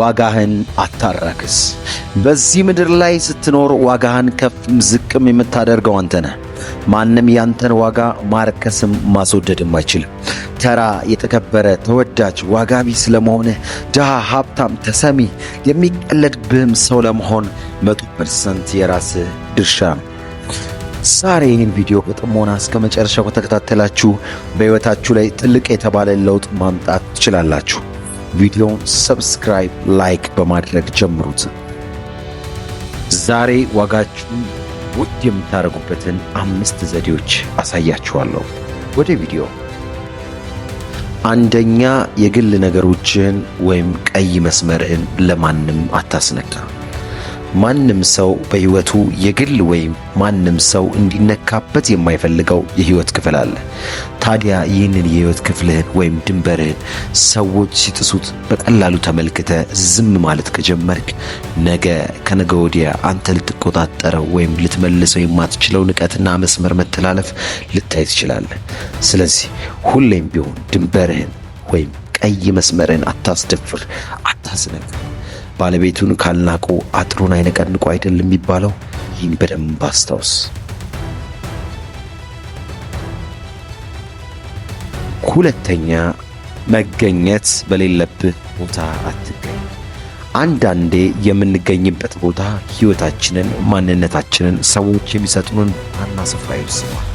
ዋጋህን አታራክስ። በዚህ ምድር ላይ ስትኖር ዋጋህን ከፍም ዝቅም የምታደርገው አንተ ነህ። ማንም ያንተን ዋጋ ማርከስም ማስወደድም አይችልም። ተራ፣ የተከበረ፣ ተወዳጅ፣ ዋጋ ቢስ ለመሆንህ ድሃ፣ ሀብታም፣ ተሰሚ፣ የሚቀለድብህም ሰው ለመሆን መቶ ፐርሰንት የራስህ ድርሻ ነው። ዛሬ ይህን ቪዲዮ በጥሞና እስከ መጨረሻው ከተከታተላችሁ በሕይወታችሁ ላይ ትልቅ የተባለ ለውጥ ማምጣት ትችላላችሁ። ቪዲዮውን ሰብስክራይብ፣ ላይክ በማድረግ ጀምሩት። ዛሬ ዋጋችሁን ውድ የምታደርጉበትን አምስት ዘዴዎች አሳያችኋለሁ። ወደ ቪዲዮ። አንደኛ የግል ነገሮችን ወይም ቀይ መስመርህን ለማንም አታስነካ። ማንም ሰው በህይወቱ የግል ወይም ማንም ሰው እንዲነካበት የማይፈልገው የህይወት ክፍል አለ። ታዲያ ይህንን የህይወት ክፍልህን ወይም ድንበርህን ሰዎች ሲጥሱት በቀላሉ ተመልክተ ዝም ማለት ከጀመርክ ነገ ከነገ ወዲያ አንተ ልትቆጣጠረው ወይም ልትመልሰው የማትችለው ንቀትና መስመር መተላለፍ ልታይ ትችላለህ። ስለዚህ ሁሌም ቢሆን ድንበርህን ወይም ቀይ መስመርህን አታስደፍር፣ አታስነቅ። ባለቤቱን ካልናቁ አጥሩን አይነቀንቁ አይደልም የሚባለው? ይህን በደንብ አስታውስ። ሁለተኛ መገኘት በሌለብህ ቦታ አትገኝ። አንዳንዴ የምንገኝበት ቦታ ሕይወታችንን፣ ማንነታችንን፣ ሰዎች የሚሰጡንን ዋና ስፍራ ይወስደዋል።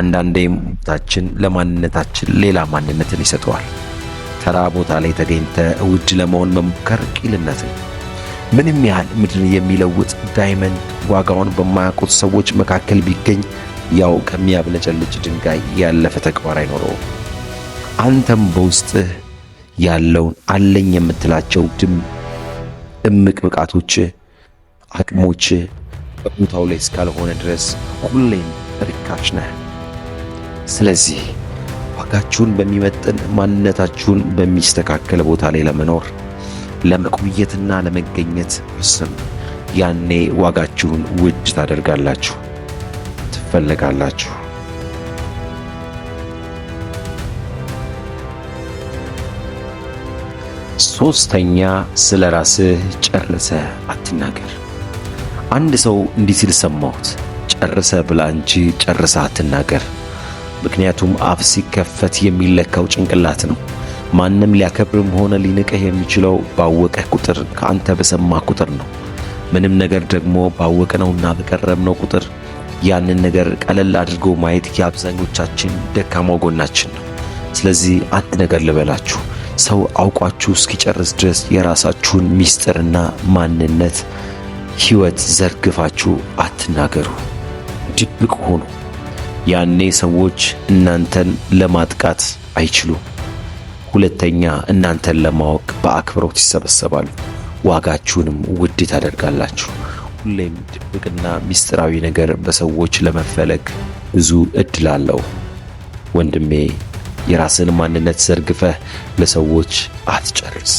አንዳንዴም ቦታችን ለማንነታችን ሌላ ማንነትን ይሰጠዋል። ተራ ቦታ ላይ ተገኝተ ውድ ለመሆን መሞከር ቂልነት ነው። ምንም ያህል ምድር የሚለውጥ ዳይመንድ ዋጋውን በማያውቁት ሰዎች መካከል ቢገኝ ያው ከሚያብለጨልጭ ድንጋይ ያለፈ ተግባር አይኖረውም። አንተም በውስጥህ ያለውን አለኝ የምትላቸው ድም እምቅ ብቃቶች፣ አቅሞች በቦታው ላይ እስካልሆነ ድረስ ሁሌም ርካሽ ነህ። ስለዚህ ዋጋችሁን በሚመጥን ማንነታችሁን በሚስተካከል ቦታ ላይ ለመኖር ለመቆየትና ለመገኘት ወስኑ። ያኔ ዋጋችሁን ውድ ታደርጋላችሁ፣ ትፈለጋላችሁ። ሶስተኛ፣ ስለ ራስህ ጨርሰ አትናገር። አንድ ሰው እንዲህ ሲል ሰማሁት፣ ጨርሰ ብላ እንጂ ጨርሰ አትናገር። ምክንያቱም አፍ ሲከፈት የሚለካው ጭንቅላት ነው። ማንም ሊያከብርም ሆነ ሊንቅህ የሚችለው ባወቀህ ቁጥር ከአንተ በሰማህ ቁጥር ነው። ምንም ነገር ደግሞ ባወቅነውና በቀረብነው ቁጥር ያንን ነገር ቀለል አድርጎ ማየት የአብዛኞቻችን ደካማው ጎናችን ነው። ስለዚህ አንድ ነገር ልበላችሁ፣ ሰው አውቋችሁ እስኪጨርስ ድረስ የራሳችሁን ምስጢርና ማንነት ሕይወት ዘርግፋችሁ አትናገሩ። ድብቅ ሆኑ። ያኔ ሰዎች እናንተን ለማጥቃት አይችሉም። ሁለተኛ እናንተን ለማወቅ በአክብሮት ይሰበሰባሉ፣ ዋጋችሁንም ውድ ታደርጋላችሁ። ሁሌም ድብቅና ሚስጥራዊ ነገር በሰዎች ለመፈለግ ብዙ እድል አለው። ወንድሜ የራስን ማንነት ዘርግፈህ ለሰዎች አትጨርስ።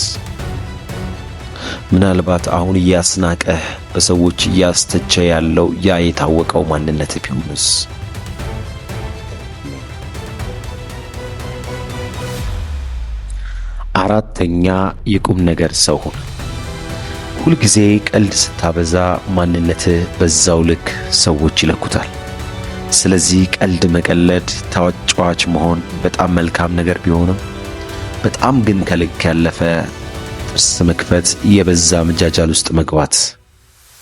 ምናልባት አሁን እያስናቀህ በሰዎች እያስተቸ ያለው ያ የታወቀው ማንነት ቢሆንስ? አራተኛ የቁም ነገር ሰው ሁን። ሁልጊዜ ቀልድ ስታበዛ ማንነት በዛው ልክ ሰዎች ይለኩታል። ስለዚህ ቀልድ መቀለድ፣ ተጫዋች መሆን በጣም መልካም ነገር ቢሆንም በጣም ግን ከልክ ያለፈ ጥርስ መክፈት፣ የበዛ መጃጃል ውስጥ መግባት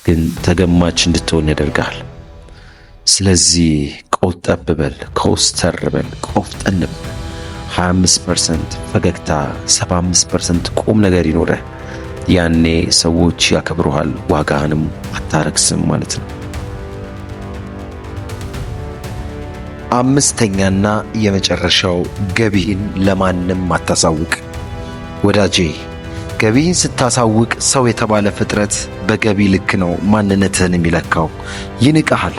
ግን ተገማች እንድትሆን ያደርጋል። ስለዚህ ቆጠብ በል፣ ኮስተር በል፣ ቆፍጠን በል። 25 ፈገግታ፣ 75 ፐርሰንት ቁም ነገር ይኖረህ። ያኔ ሰዎች ያከብሩሃል፣ ዋጋህንም አታረክስም ማለት ነው። አምስተኛና የመጨረሻው ገቢህን ለማንም አታሳውቅ። ወዳጄ ገቢህን ስታሳውቅ ሰው የተባለ ፍጥረት በገቢ ልክ ነው ማንነትህን የሚለካው፣ ይንቀሃል።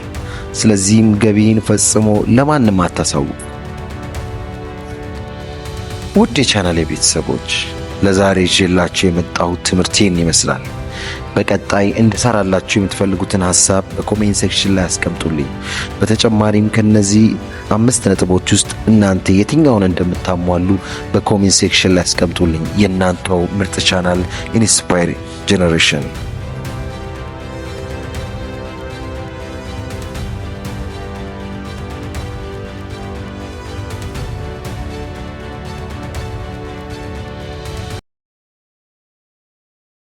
ስለዚህም ገቢህን ፈጽሞ ለማንም አታሳውቅ። ውድ የቻናል ቤተሰቦች ለዛሬ ይዤላችሁ የመጣሁት ትምህርቴን ይመስላል። በቀጣይ እንድሰራላችሁ የምትፈልጉትን ሀሳብ በኮሜንት ሴክሽን ላይ አስቀምጡልኝ። በተጨማሪም ከነዚህ አምስት ነጥቦች ውስጥ እናንተ የትኛውን እንደምታሟሉ በኮሜንት ሴክሽን ላይ አስቀምጡልኝ። የእናንተው ምርጥ ቻናል ኢንስፓየር ጄኔሬሽን